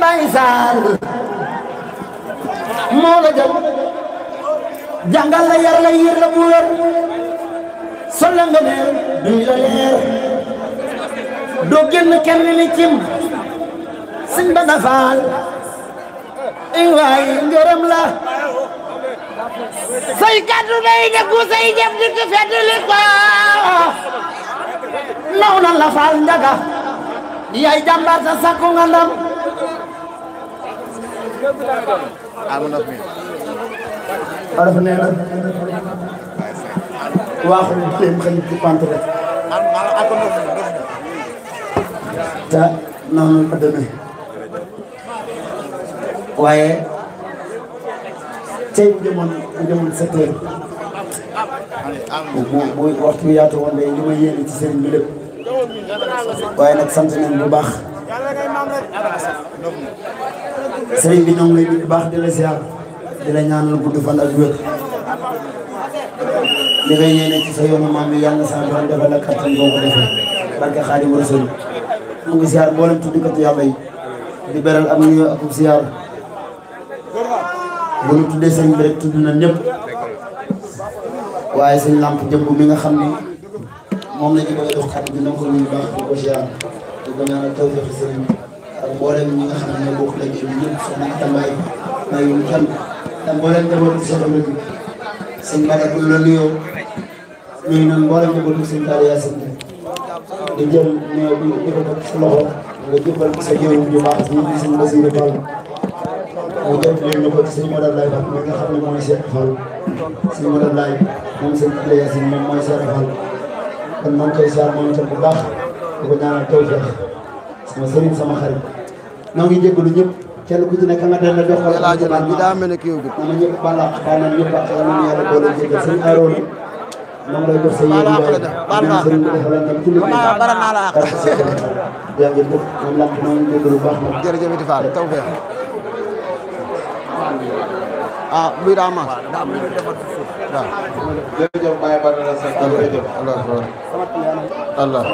Baye Sarr moo la jël jàngal la yar la yir la nga leer duñ la kenn ni cim sëñ ba dafaal i eh waay ngërëm la say kàddu day dëggu say jëf di ci fedd li ko naw na la njaga yaay jàmbaar sa sakku nga ndam am na mi araf nee na waaxul téem xëy ci pant rek te noonu la waaye tey bu demoon bu demoon sept heures bu waxtu bi yaatu woon day li ma yéene ci sëriñ bi waaye nag sant nañ bu baax Sering bi ñoom lay di la ziar di la ñaanal gudd fan ak wér li ngay yéene ci sa yoonu maam yi yàlla sa borom defal ko mu ngi ziar di beral am nuyoo ak ziar bu ñu tuddee sëriñ bi rek tudd na ñëpp waaye sëñ làmp jëmb mi nga la ko ñaanal tawfeex ci sëriñ ak mboolem ñi nga xam ne bokk liggéey bi ñëpp soxna Anta Mbaye maa ngi kenn te mboolem njabootu soxna bi sëñ Mbacke bu la nuyoo nuyu na mboolem njabootu sëñ Talla Yacine di jël nuyoo bi di ko teg sa loxo nga jëbbal ko sa jëriñ bu baax ñu ngi sëñ Basiru Fall nga jot leen ñu ko ci sëñ Modou Laye Fall mi nga xam ne mooy Cheikh Fall sëñ Modou Laye moom sëñ Talla Yacine moom mooy Cheikh Fall kon maa ngi koy siyaar moom itam bu baax di ko ñaanal tawfeex sama sëriñ sama xarit noo ngi jégalu ñëpp kenn ku ci nekk nga delloo jox ko la ñu jëlaat ñu daa mel ne kii wu ñu ñëpp bala baal nañ ñëpp ak yàlla yàlla boole jégal sëñ Aaroon moom lay jox sa yéen waaye ñoom sëriñ bi defal nañ ci lu muy jaa ngeen jëf moom làmp noo ngi jégalu bu baax nag. jërëjëf Ity Fall tawfeex ah buy daa maas waaw jërëjëf Baye Badara Seck jërëjëf Allah Allah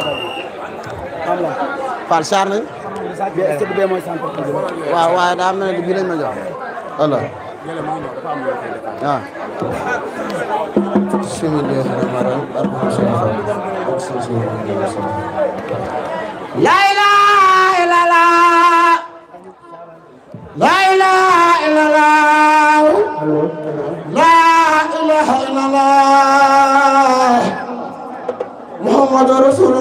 Fall Charles. waaw waaye daa mel ne bii lañ ma jox. voilà. waaw. bismillaahi rahmaani rahiim. laa ilaaha illallaah. laa ilaaha illallaah. laa ilaaha illallaah. Muhammadu rasuulu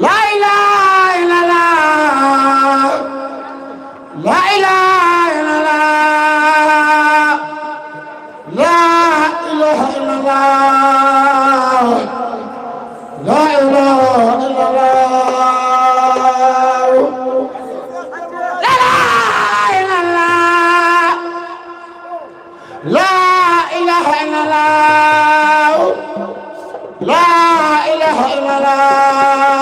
la ilaha illallah la ilaha illallah la ilaha illallah la ilaha illallah لا إله إلا الله لا إله إلا الله